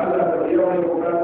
Allah ta yi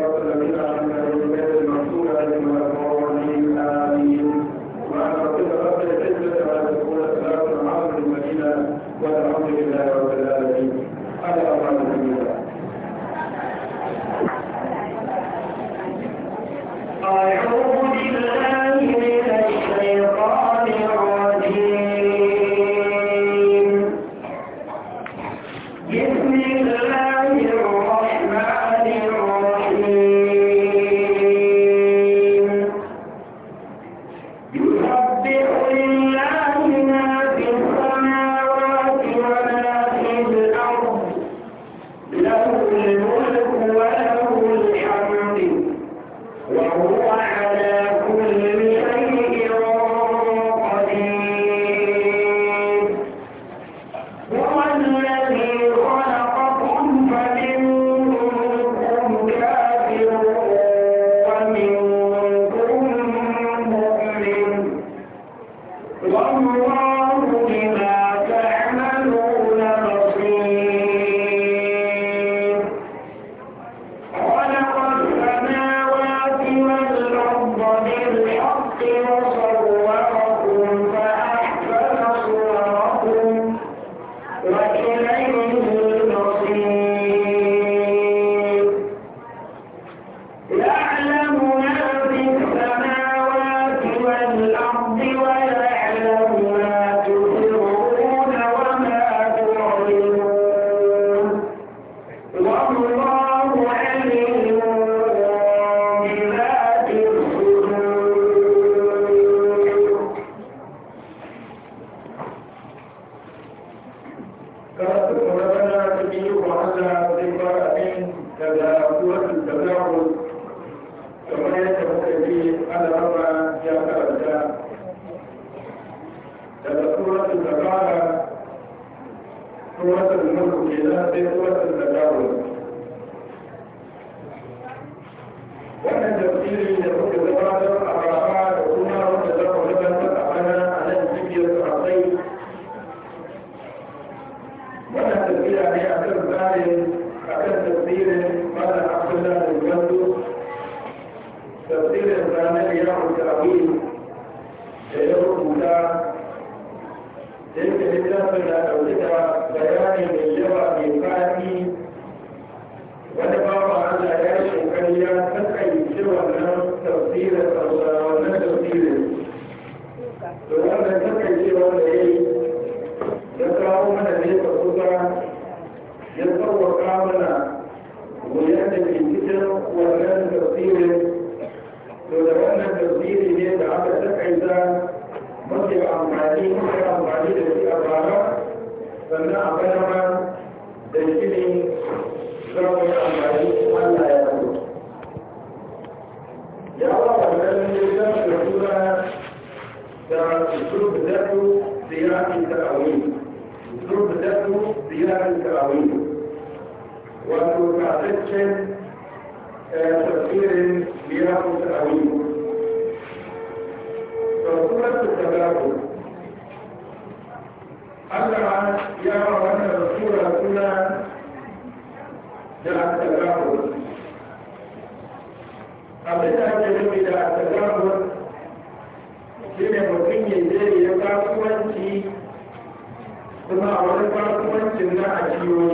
da al-tagabur abin da ake nufi da al-tagabur shi ne mutum ya je ya kasuwanci kuma a wani kasuwancin na a ciwo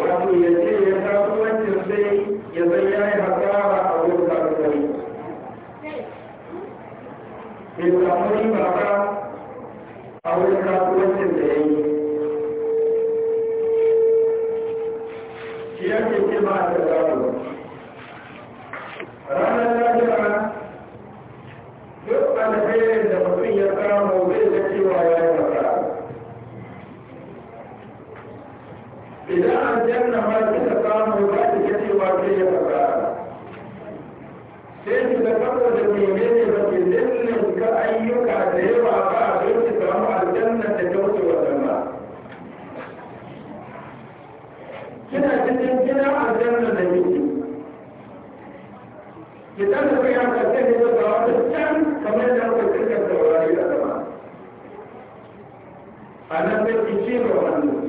wato ya je ya kasuwancin sai ya zai ya yi hasara a wurin kasuwanci bai samu yi ba a wurin kasuwancin da ya yi جماعة الأول ranar lafiya duk alherin da mutum ya samu zai da cewa ya yi masa idan an janna ma kika samu za ki ga cewa zai yi masa sai ki da saboda menene ba ki lullunka ayyuka da yawa ba kina cikin gina aljanna da yake idan da kai aka ce ne da wata can kamar da aka kirkar da wani da zama a nan sai wannan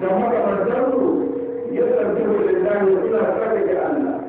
da haka manzansu ya tsarki da da Allah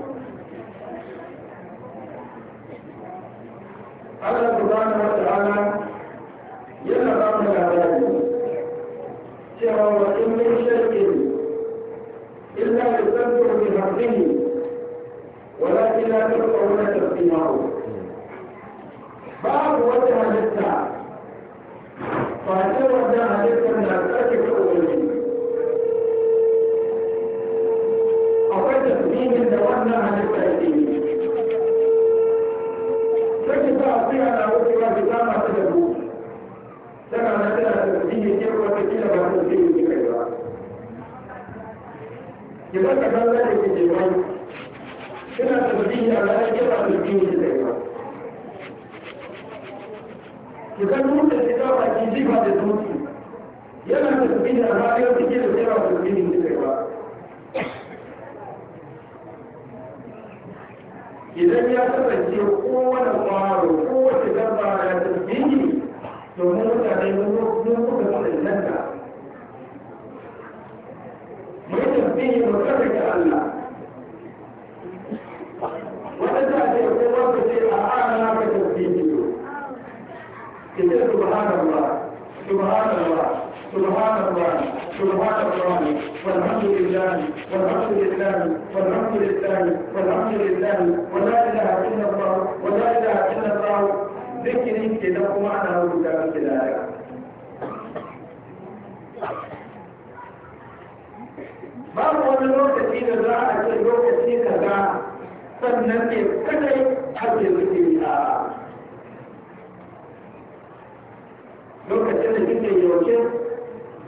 suke yauke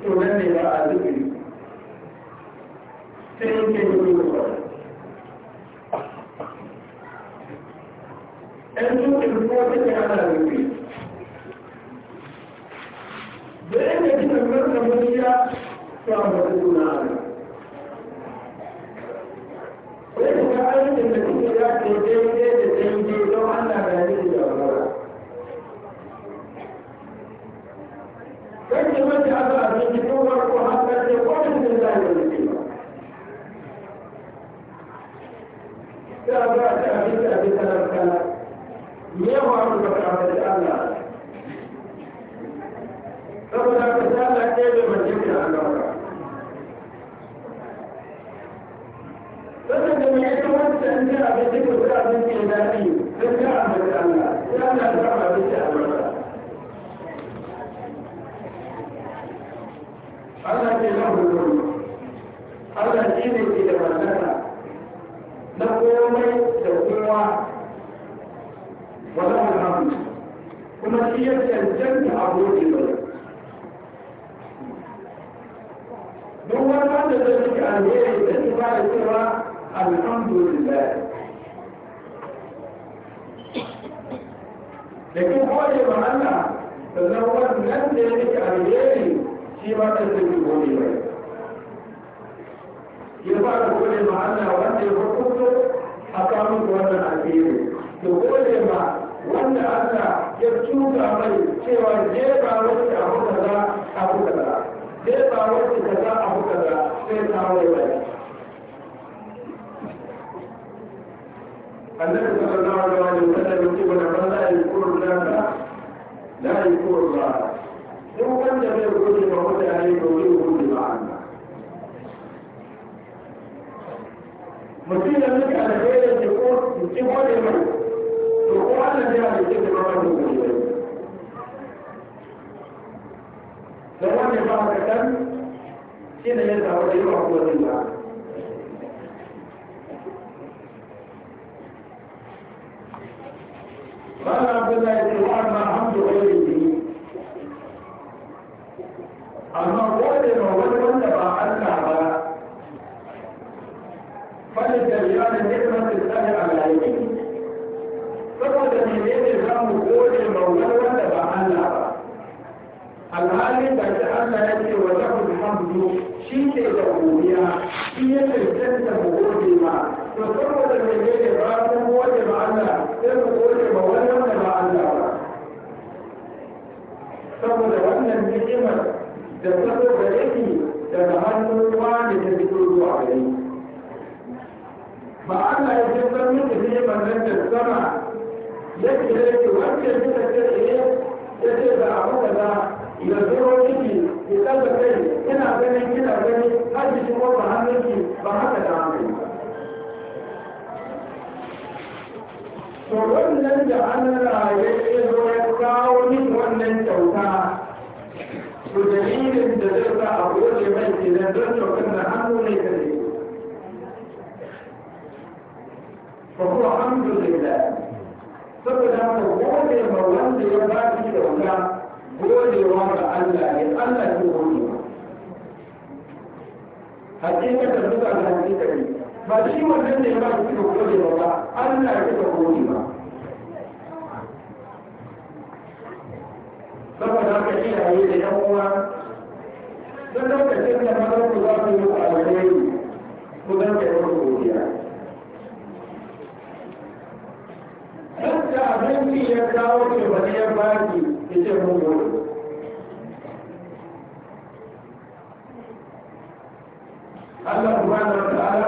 to nan ne ba a zikiri sai yake yi wa ɗan tukin ko take ana zikiri da yadda kika zarta mutiya to a masu suna ana ko yadda ka ayyukan da kuke ya ke daidai da daidai don Allah ya Gracias. يصيبنا ما لا يذكر الله لا يذكر الله لو كان جميع الكتب وهدى عليه ويقول معنا مسيرة لك على خير تقول تجيب ولا ما تقول أنا جاي أجيب ما لو أنا بعد كم كده يرجع ولا يروح ولا يرجع i Allah ba shi wannan ne ba su da gode ba ba Allah ya ba da uwa da mazan ku za su yi ku zan ka yi godiya Yadda abinci ya kawo ke wani ya baki ya ce gode. Allah subhanahu wa ta'ala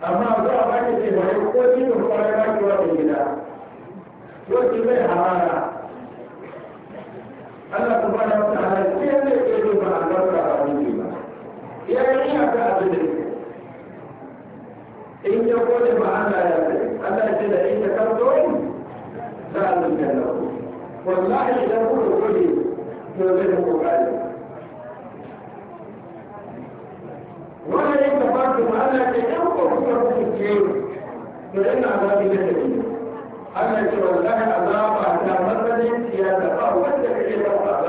amma zuwa ba ta ce wani ko cikin kwanar ba ki wata gida yau ki zai hamara Allah kuma na wata hana ce ne ke yi ba a lafa a wani ba ya yi iya ka abin in ya kone ba Allah ya ce Allah ce da in ka kanto za a lullaka wallahi idan kuka kone to zai da kokari wanda ya gabata ma ana ce ɗan ko kuma kusurce to yana zafi da tafi Allah ce wallahi azaba ta matsalin siyasa ba wanda kake zafa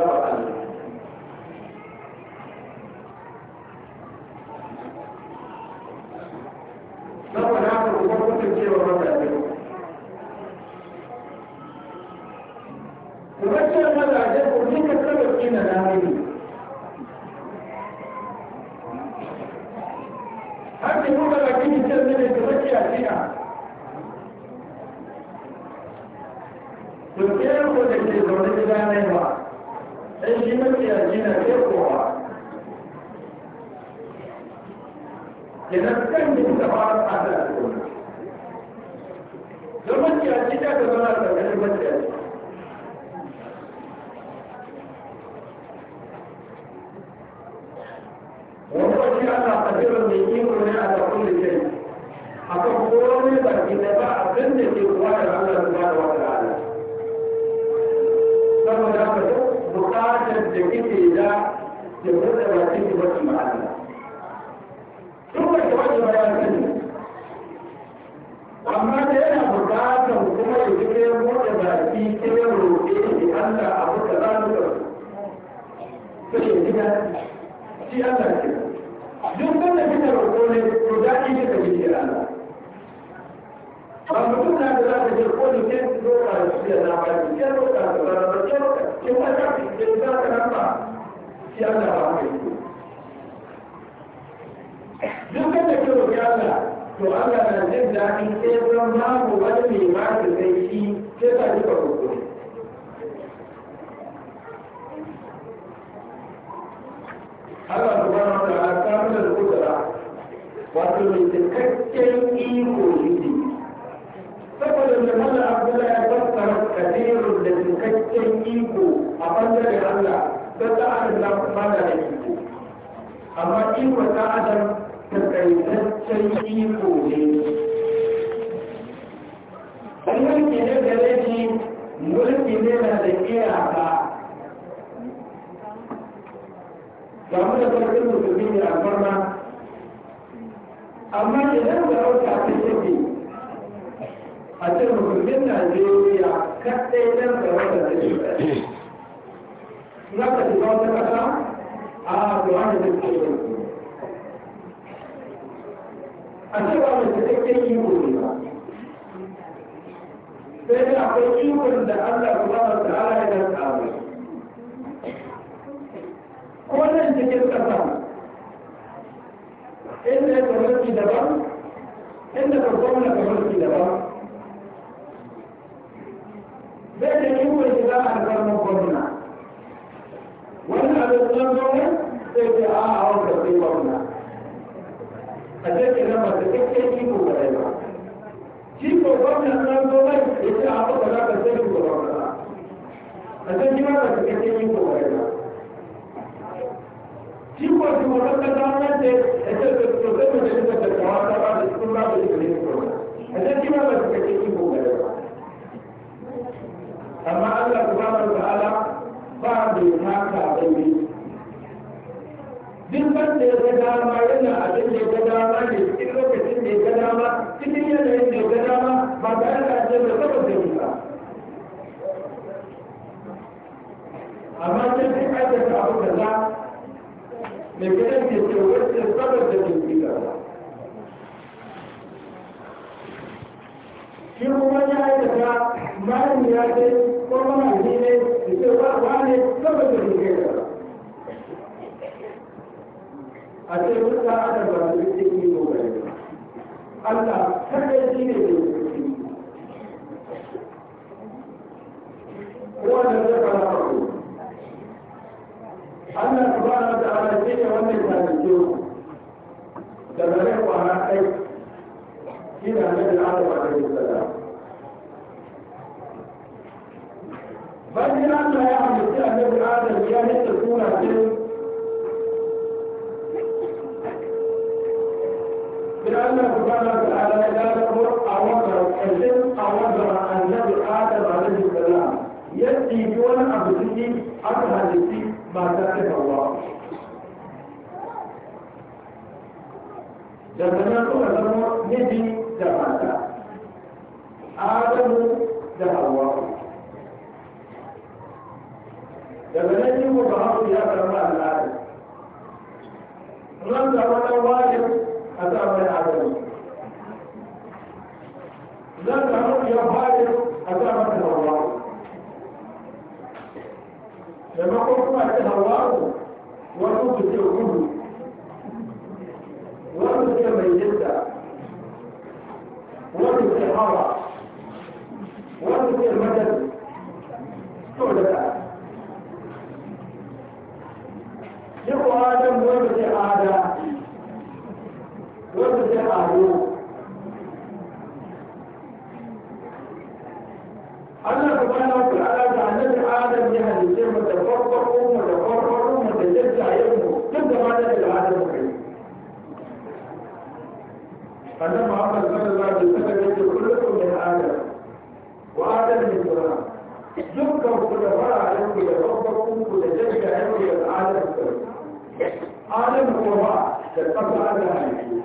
da farkin musulmi ne a farma amma idan da A ta yake a ce musulmin najeriya kaɗai nan da ta yi za shiga wata kasa? a zuwa da ta ce a ce ba mai cikakken iko ne ba sai da akwai ikon da allah subhanahu wa ta'ala ya tsara ko nan cikin ƙasa inda ya kwanarki daban inda ka gwamna kwanarki daban zai da yi wani shiga a ƙarfin gwamna wani abin tsoron gwamna sai ce a a wanda sai gwamna a cikin nan ba ta cikin kiko ga rai ba kiko gwamna tsoron gwamna ya ce a ba ka za ka sai kiko gwamna a cikin nan ba ta cikin kiko ga rai ba shi ko shi ko wata zaunar da ya ce da su zai mu da ta kawo ta ba da sun ba da shi ne ko a ce shi ma ba su kake shi ko ba amma Allah subhanahu wa ta'ala ba da haka bai duk wanda ya ga dama yana abin da ya ga dama ne cikin lokacin da ya ga dama cikin yanayin da ya ga dama ba tare da ajiyar da kawai yi ba amma sai duk aikata abu za. mai gidan ke ce wacce sabar da ke gida shi kuma ya aikata bayan ya ce ko mana ne ne da ce ba ba ne sabar da ke gida a ce wuta ana ba da ke yi ko bai Allah kada shi ne da ke gida. Kowa da zai Allah subhanahu wa ta'ala shi ne wanda ya zalunce ku da bare ku ana kai shi ne annabi Adam alaihi salam bayan Allah ya halitta annabi Adam ya nita sura ce sai Allah subhanahu wa ta'ala ya gano a wannan ƙarshen a wannan annabi Adam alaihi salam ya tsibi wani abu ciki aka halitta ba tare da ruwa daga nan suka zama miji da mata adamu da hawa daga nan yi ba haku ya zama al'ada ran da wata wajen a samun adamu zan zama ya fara لما قلتوا عليها الله وقلتوا بتوقفه وقلتوا بتوقفه وقلتوا بتوقفه وقلتوا بتوقفه يقول آدم وقلت آدم وقلت آدم الله سبحانه متفرق ومتفرق ومتجزع يبنه كل ما لك العاده المحيطه فلما عمل صلى الله عليه وسلم يقول من ادم وادم من فرعون ذكر خلفاء عليكم يتفرقكم وتجزع يبنه العاده آدم هو ما تتفرق على هذه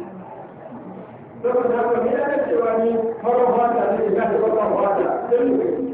saboda haka ne ana cewa ni farar fata ne هذا ta farar fata sai mu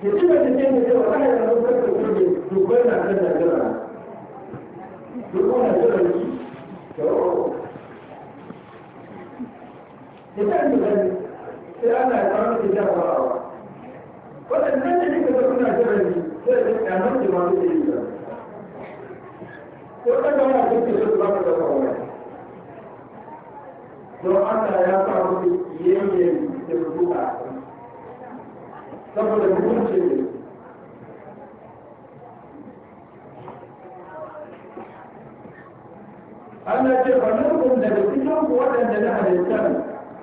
ya ci da ta ce ne cewa ana yana nufar da kuma dubbai na kan najira dubbai na jira ne da ta yi zai sai ana ya samu da jan farawa waɗannan da suka ga suna jira ne sai da kyanar da ma su yi jira ko ɗan da wani abin da su ba su da kawai don Allah ya samu da yayyen da rubuta saboda hukunci ne Allah ce ba nan da daga cikin ku waɗanda na halittar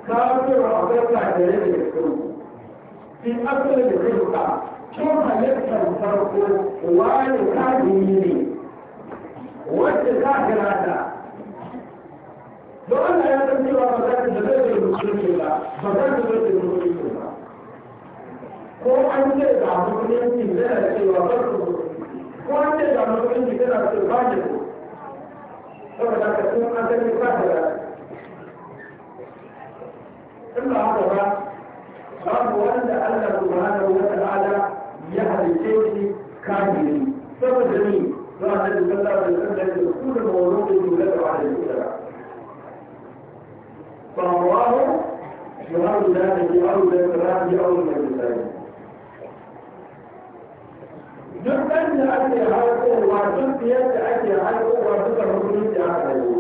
kafirwa akwai kafirai da su fi asali da rizka tun halittar farko wani kafiri ne wacce kafira ta don Allah ya san cewa ba za ta da zai da musulunci ba ba za ta da ko an ce ga musulunci zai cewa barku ko an ce ga musulunci zai ce ba ne saboda ka sun an gani ba da ba in ba haka ba babu wanda Allah subhanahu wa ta'ala ya halice shi kafiri saboda ni za a nabi sallallahu alaihi wasallam da su da mawludin jumlar da wa'ala jumlar فالله يعود ذلك يعود ذلك يعود ذلك duk ɗan da ake haifowa duk yadda ake haifowa duka musulunci aka yi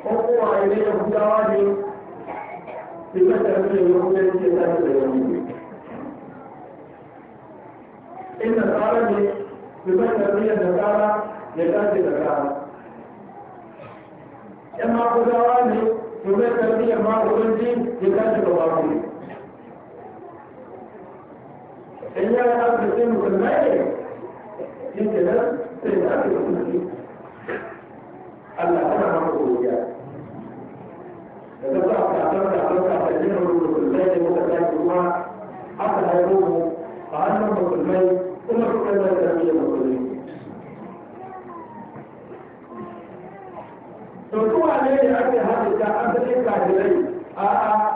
ko kuma ne yahudawa ne duka tarbiyyar yahudanci ta da yahudu in da tsara ne duka tarbiyyar da tsara ya tashi da tsara yan magudawa ne duka tarbiyyar magudanci ya tashi da magudanci اللي انا قبل كلمه إيه؟ إيه؟ يعني. في المال انت ده تبقى في المسجد الله انا مرغوب يعني تطلع تعتمد على وضع تدين الرجل في المال وتدين الله حتى لا يروه فعنهم في المال ثم تكلم التنمية المسلمين تقول عليه لأجل هذا أنت تبقى إليه آه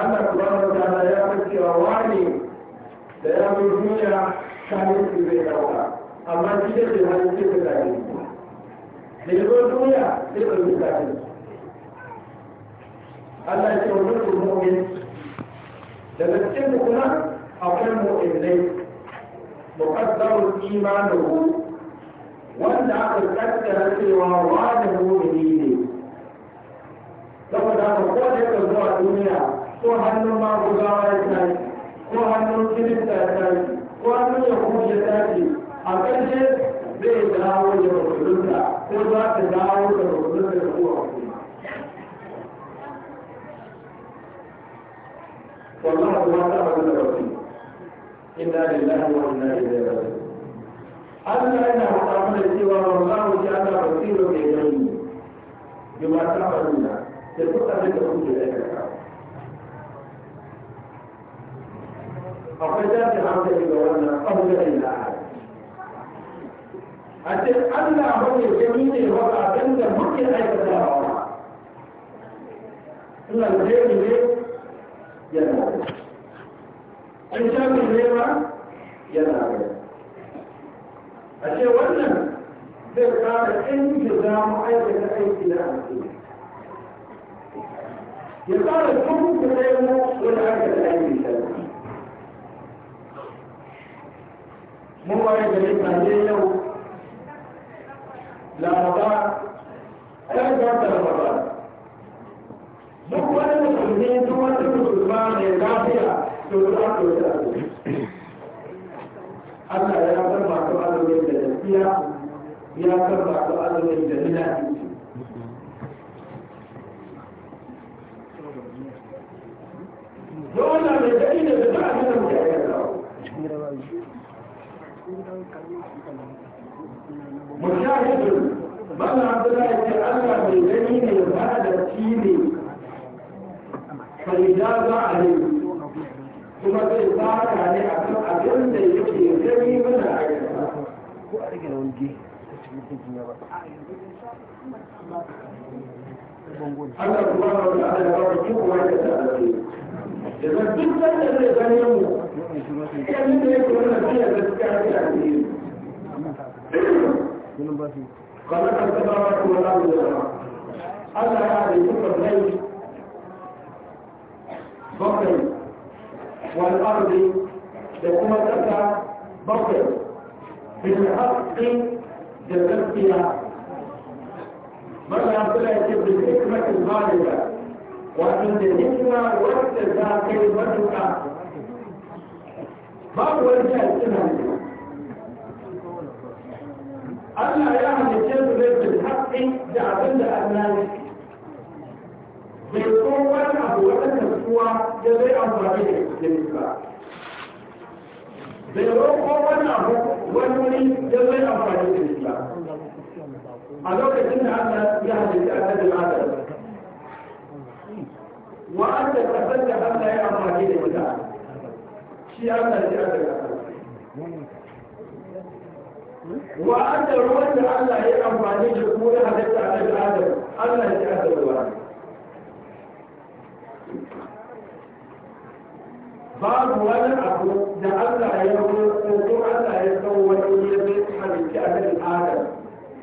أن سبحانه وتعالى يقول في رواني da ya mai zuciya kayan su zai dauka amma shi da ke hannun da zai da ya zo duniya zai ɗauki zafin Allah ya ce wa mutum mu'min daga cikin kuma akwai mu'minai muqaddarul imanu wanda aka kaddara cewa wani mu'mini ne saboda ko da ka zuwa duniya ko hannun ma gudawa ya tashi ko hannun kirista ya tashi ko hannun yahudi ya tashi a ƙarshe zai dawo da rukununta ko za ta dawo da rukununta da kuwa والله ما تعمل الوكيل إنا لله وإنا إليه راجعون Allah yana faɗa mana cewa wallahu ta'ala basirun bi ghairi bima ta'maluna da duk abin da kuke aikata فقدر في حمزة الجوانا قبل إلا أحد أتي ألا هو الجميل وضع تند ممكن أن يتدارى إن الخير ليه ينال إن شاء الله ينال أشياء ولا zai kara ingiza ma'aikata aiki na aiki ya kara kuma kuma ya mu wani aikata mun waye da yin tare yau laraba ɗan gata laraba duk wani musulmi duk wani musulma mai lafiya to za ku yi tare Allah ya san masu azumin da gaskiya ya san masu azumin da nuna dole mai daɗi da ta abin da mujahidin mana abdullahi ce allah mai gani ne ba da ne farida za a ne kuma zai fara ne a kan abin da yake gani mana a ko a rage rawan ge Allah kuma wa ta'ala ya ba ku kuma ya ta'ala. Idan duk sanda zai gane mu خلق السماوات والارض الله يعني يكفر الليل والارض تكون تبقى بطل بالحق جذبتها مرة بالحكمة الغالبة وعند الحكمة وقت ذاك المدرسة babu wani jihar suna Allah ya halice su ne da haƙƙi da abin da Allah ya bai so wani abu wata kasuwa ya zai amfani da jikin ba bai roƙo wani abu wani wani ya zai amfani da jikin ba a lokacin da Allah ya halice a cikin Adam wa'anda kasar da Allah ya amfani da ita shi Allah ya ga wa an da ruwan da Allah ya amfani da ko ya halitta a daga Adam Allah ya ga ruwa babu wani abu da Allah ya roƙo ko Allah ya kawo wani ya zai halitta a daga Adam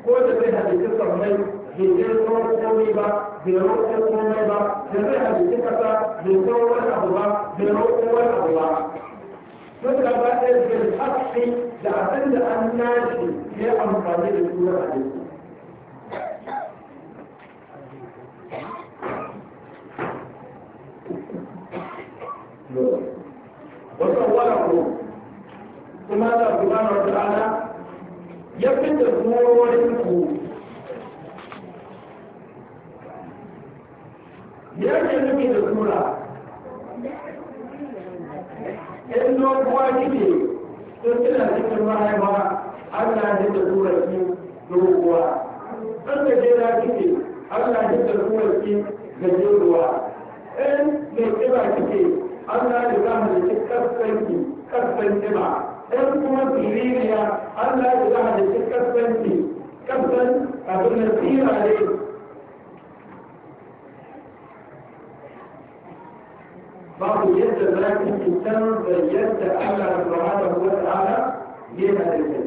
ko da zai halitta sammai bai zai roƙo komai ba bai roƙo komai ba da zai halitta kasa bai kawo wani abu ba bai roƙo wani abu ba فكما بالحق لعبد الناس هي أمطاني لكل عليكم وصوره ثم الله سبحانه وتعالى يبدأ الأمور يجب أن يكون in doguwa kike in kina cikin mahaifa Allah ne da tura a doguwa in gajera kike Allah ne da tura ki gajeruwa in mai kiba kike Allah ne za mu da kaskanki kaskan kiba in kuma siririya Allah ne za mu da kaskanki kaskan abin da tsira ne babu yadda za ku fitar da yadda Allah subhanahu wa ta'ala ya halitta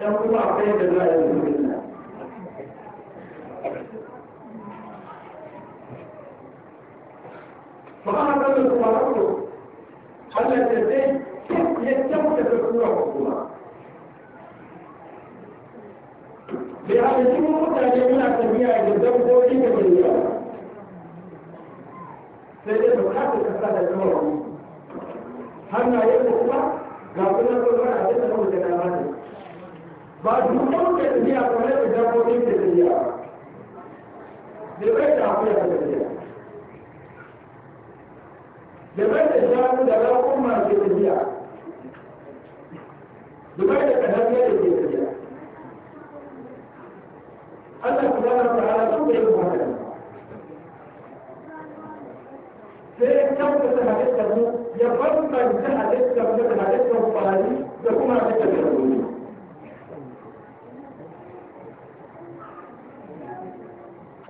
dan kuma akwai da za a yi فهذا القرآن الذي يتوجد الصورة والصورة لأن الجمهور تعلمنا تبيع الزوج وإيجاب اليوم sai dai Allah subhanahu wa ta'ala su da yin haka sai kyautata halittar mu ya bambanta halittar mu da halittar kwari da kuma halittar da rauni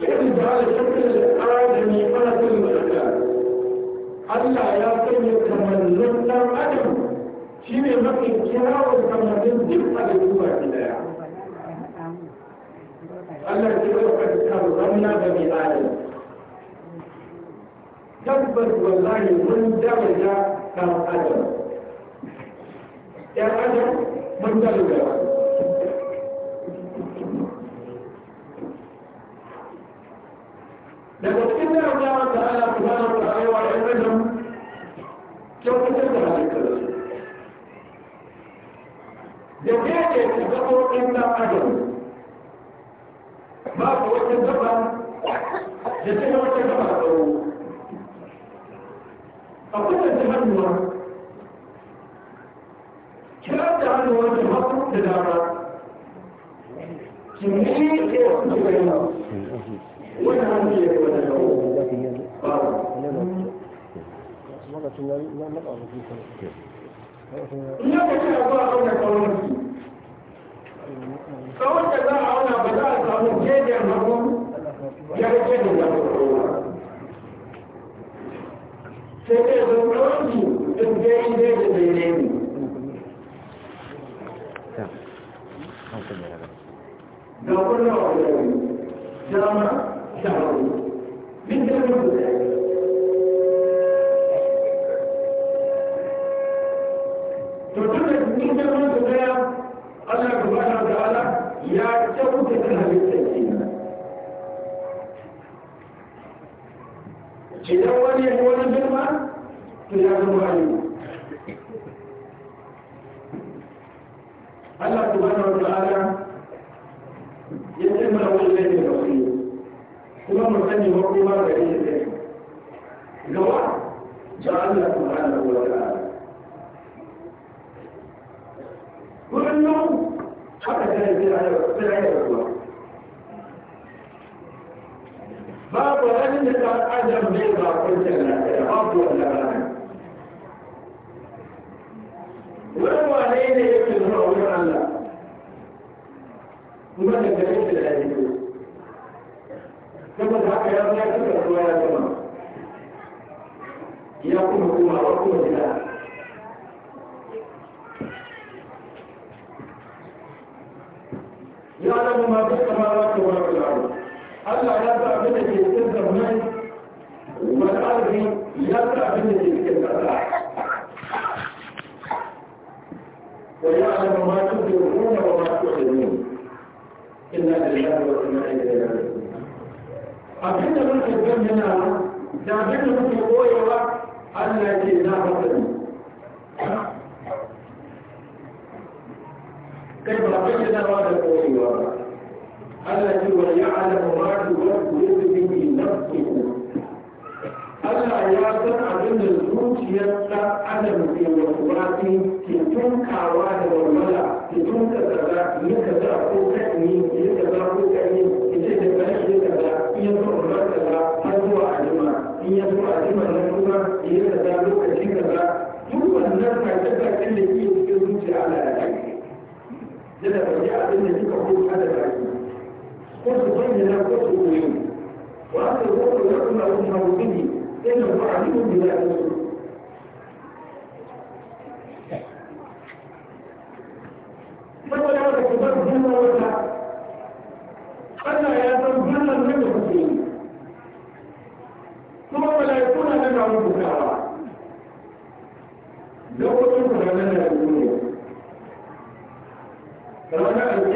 irin da ala shakar al'adami falatin mulka Allah ya sanya kamannin ɗan adam shi ne mafi kyawun kamannin duk halittu a gidaya Allah ya tabbas wallahi mun daraja kan adam ya adam mun daraja a babu wani da kan adam ne ba kwanciyar lafiya babu wannan ranar wani wane ne yake zuwa wurin Allah kuma daga yadda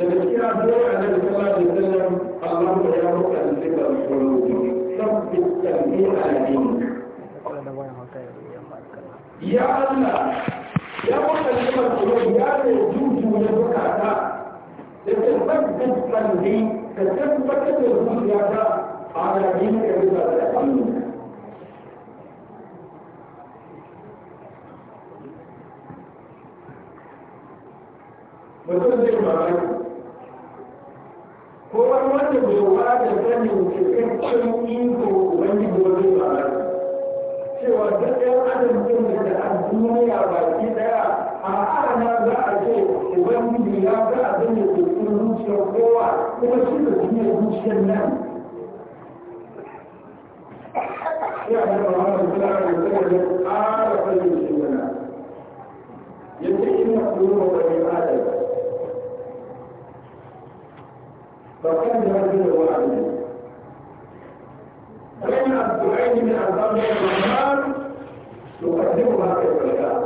daga cikin addu'o'i annabi sallallahu alaihi wasallam Allah ya roƙa annabi sallallahu alaihi wasallam tabbata bi aladin ya Allah ya roƙa annabi sallallahu ya ne juju na bukata da tabbatar kalbi ka tabbatar da zuciyarka a aladin ka bisa da Allah mutum zai ko wani wanda bai wada sanin cikakken iko wani gobe ba cewa duk ɗan adam ɗin da ta duniya baki daya a ana za a ce ubangiji ya ga abin da ke cikin zuciyar kowa kuma shi da cikin zuciyar nan ya ga Muhammad da alaihi wasallam ya ƙara fayyace mana yace inna quluba bani adam فكان رجل واحد بين الدعين من أسباب الرحمن يقدمها كيف كان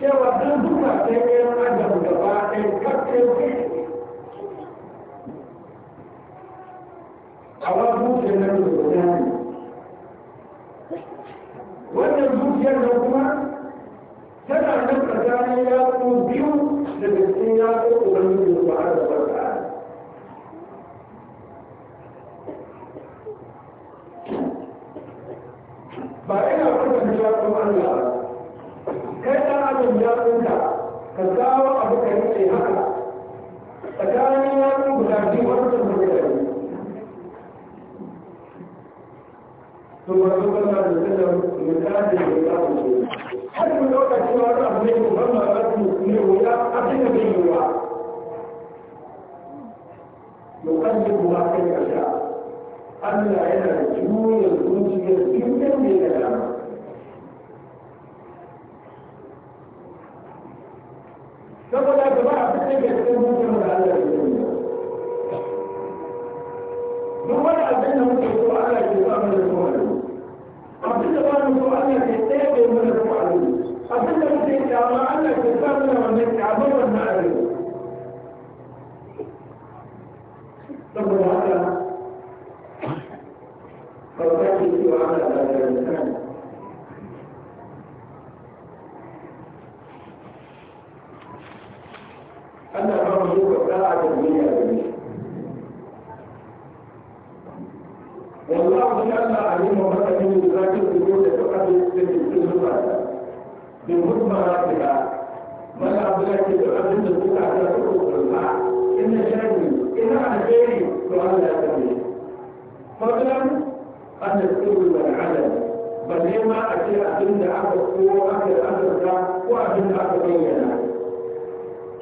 cewa don duka sai ɗaya adam gaba ɗaya kakkai a wani zuciyar na rubuta ne wannan zuciyar na kuma tana nan tsakanin yatsu biyu daga cikin ya ko ubangiji ba har da barka ba ina kwatanta ya ko Allah kai ɗan adam ya ta ka kawo abu ka yi haka tsakanin ya ko guda biyu wannan mutum ثم صلى الله عليه وسلم من har ku ɗauka cewa wani abu ne ko ban ma za ku ne wuya abin da bai yiwuwa yuqallibu ma kai yasha Allah yana juya zuciyar dukkan da ya dama saboda gaba a cikin gaskiyar mutum da Allah ya yi duk wani abin da muke so Allah ke samu da kowane abin da ba mu so Allah ke tsaye da mu da ku alu abin da muke kyama Allah ke sa mu wannan kyamar wannan alu saboda haka bauta ke cewa Allah ba da lisan Allah ba mu so ka tsara da duniya da duniya والله جل عليم ومكن ذات الوجود فقد يستجيب بمضمراتها من أبلغ تؤمن بك على حقوق الله إن شاني إن أنا شيء فأنا أتمنى فضلا أن السر والعلم بل لما أتي أبن أبو السوء أبن أبو وأبن أبو بينا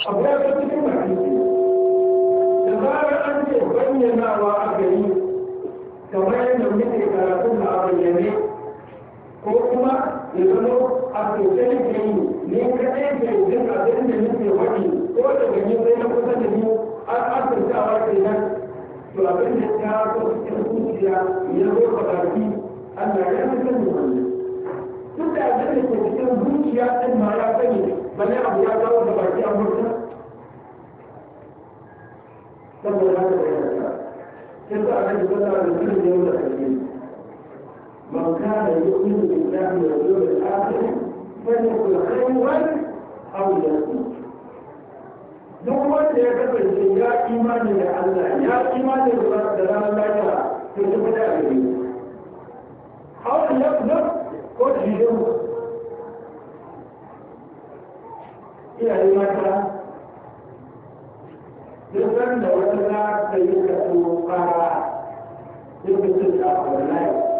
أبواب الكلمة كيف؟ إذا أنت بينا kuma ya zama a sosai da yi ne kaɗai da yi zan abin da nake wani ko da gani sai na kusa da ni an asirtawa kenan to abin da ta so cikin zuciya ya zo ka baki Allah ya fi sani wannan duk da abin da ke cikin zuciya ɗin ma ya sani bane abu ya dawo da baki a mutum saboda haka da yanka sai a kan da ta da zuciya ya zo da من كان يؤمن بالله واليوم الآخر فليقل خيرا أو يصمت duk wanda ya kasance ya imani da Allah ya imani da ranar lafiya to shi kuma da gare ni ya kuma ko da mu ina yi mata duk wanda wata za ta yi kasu fara duk da su da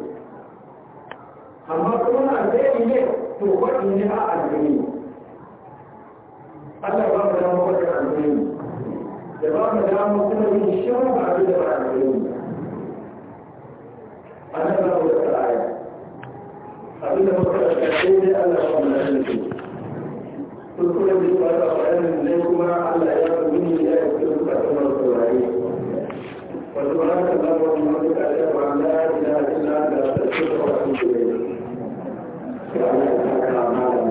amma kuma na zai ne to kwaɗi ne a aljini Allah ba mu dama kwaɗi aljini da ba mu dama kuma yin shirin ba abin da ba aljini Allah ba mu da tsaraya abin da muka da sai dai Allah ba mu da aljini to kuma bi ba da bayanin ne kuma Allah ya ba mu ya yi kuma da saurari wa subhanallahi wa bihamdihi da masu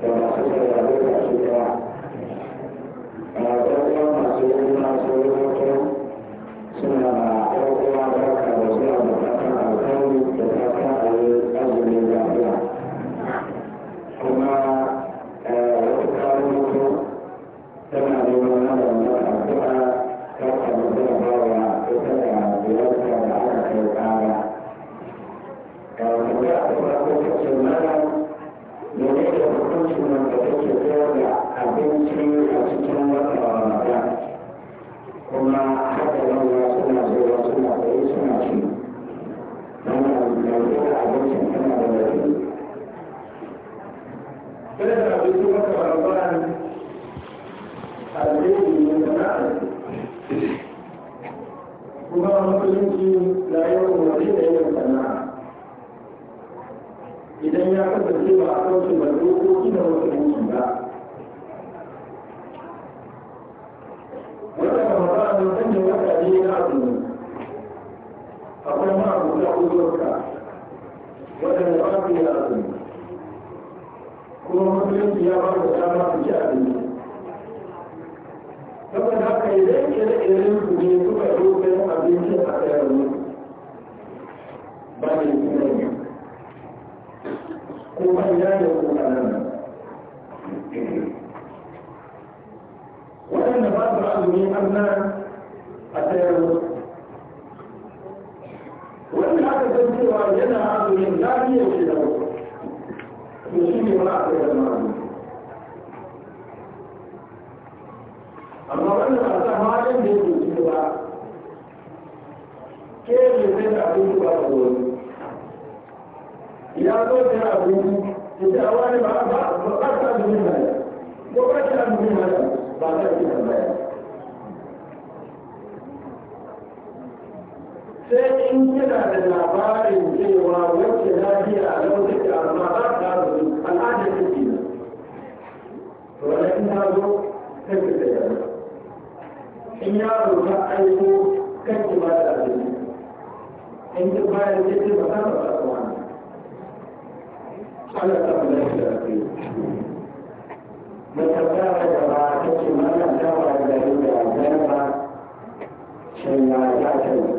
sauraro da su الناس التيمم وإن هذا التنسيق وأيدنا هذا من لا يوجد له يشير ما أعطيه المعلوم amma wannan a zamanin da yake ciki ba ke ne zai da abin ba da wani ya zo da abin da ta wani ba ba ba ta da mun ba ko ba ta da mun ba ba ta da mun ba sai in kina da labarin cewa wacce lafiya a lokacin amma ba ta zo al'ada ta ke nan to wani in ta zo ta ke da yawa in yaro ta aiko kai ki ba da abinci in ki bayan ce ce ba ta ba ta wani Allah ta mu lafiya da kai mai tabbata da ba ta ce mana dawa da yau da zama shan ya ta ce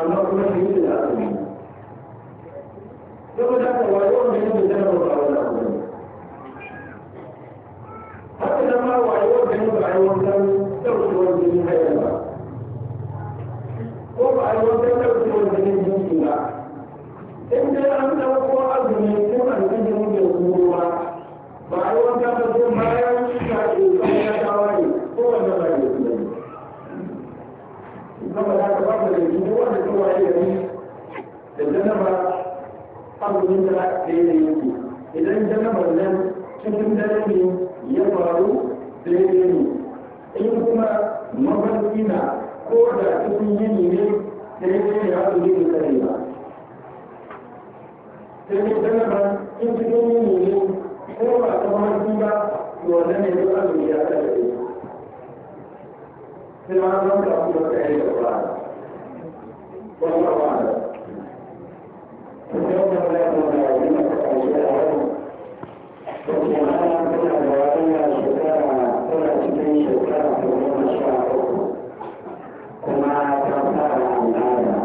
什么什么形势啊？因为现在我越没有钱，我找我丈夫。他只能把我越没有钱，我讲救济我弟弟妹了。我没有钱，救济我弟弟妹了。现在俺家我儿子没有一分没有收入吗？我儿子没有钱，我儿有收入 saboda haka ba da yanzu wanda kowa ya yi da jannaba da ya yi idan jannabar nan cikin dare ne ya faru da ya yi in kuma mafarki ko da cikin yini ne da ya yi ne da kare ba sai ne in cikin yini ne ko ba ta mafarki ba to wannan ne ya kare sai ma ko ko ko da na ko ke ma na ko ko kuma ta fara al'ada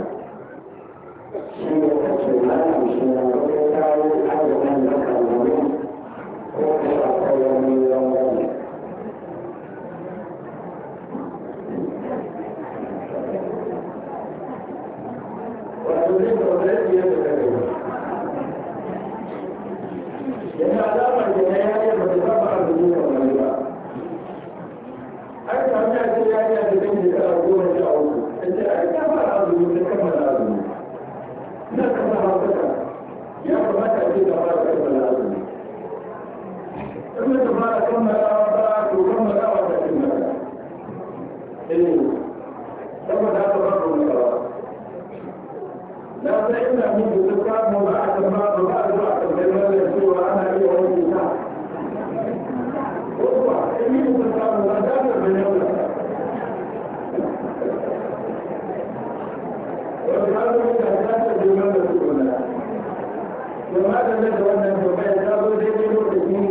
da maganin da wannan dokai ta zo daidai lokaci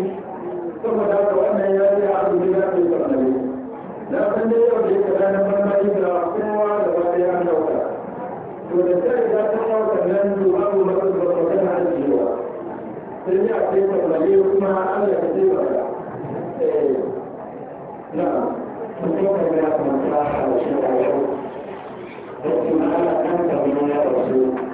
saboda haka wannan ya yi a abu gida ke tsammani na san dai yau da yake ranar marmari da kowa da wata ya dauka to da ta riga ta dauka nan to babu masu ba ta na ajiyewa sai ya ce tsammani kuma allah ya ce ba na'am فكيف لا تنفعها وشرع الحب؟ لكن على ان تبني الرسول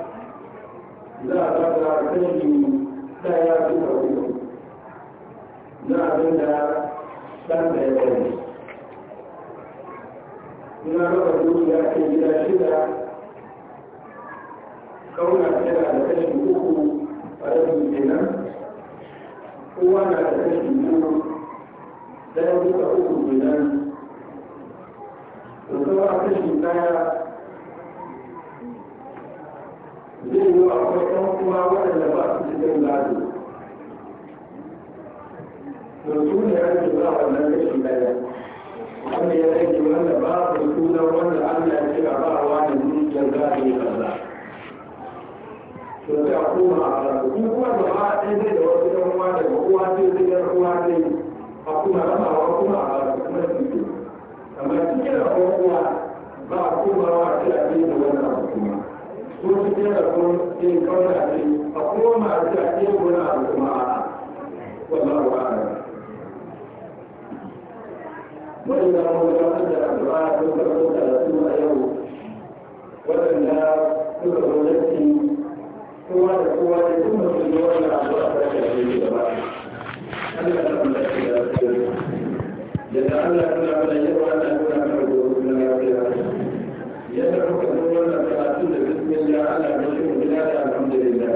za a zaka ɗaya daya duka uku na abin da ɗan da ya bari na raba dukiya ke gida shida kauna tana da kashi uku a rabin kenan kowa na da kashi uku daya duka uku kenan to kuma kashi daya zai yi akwai ɗan kuma waɗanda ba su da ɗan gado to su ne ake ba wannan kashi ɗaya wanda ya rage wanda ba su sunan wanda Allah ya ce a ba wa da dukiyar gado ya kaza to sai a koma a kaza su kuma da ba a ɗaya da wasu ɗan uwa daga uwa ce sai ɗan uwa ce a kuma rabawa kuma a kaza kuma su ke amma cikin akwai uwa ba a komawa a ce a ɗaya da wannan ko su kera ko irin kawai a cikin a koma a cikin a cikin gona a kuma a wannan ruwa ne. Wani da kuma ya kan da kan ba a duka da kuka da su a yau waɗanda suka zo da ci kowa da kowa da kuma su zo wani a zuwa ta da ke da ba. Allah ta kuma da ke da su. Da ta Allah ta kuma da ke da su. Yadda Allah ta kuma da ke da su. Yadda kuma da ke da su. أنا مسلم بلا الحمد لله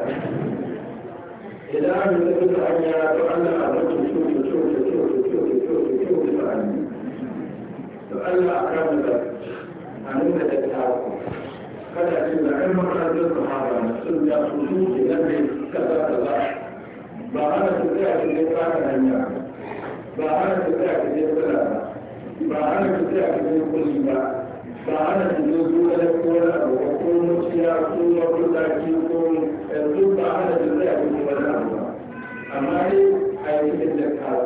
إذا عملت بدعة فأنا أردت شوف شوف شوف شوف شوف شوف عني فأنا أكمل أنك تتعاون فلا تبع إما خرج الصحابة السنة خصوصي نبي كذا كذا بعد تتعب اللي فعلا أن يعمل بعد تتعب اللي فعلا بعد تتعب اللي قلت ba ana cikin zuwa da kowa abu ko muciya ko mabudaci ko yanzu ba ana da zai abu kuma da abu amma dai a yi cikin da kawo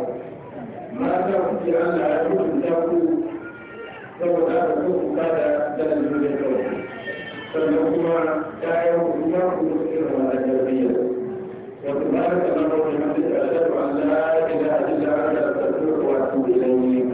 mata ku ce Allah ya mutunta ku saboda ka so ku ba da dalar zuwa da sannan kuma ya yi hukuma ku cikin ramadan jami'a وسبحانك اللهم وبحمدك اشهد ان لا اله الا انت استغفرك واتوب اليك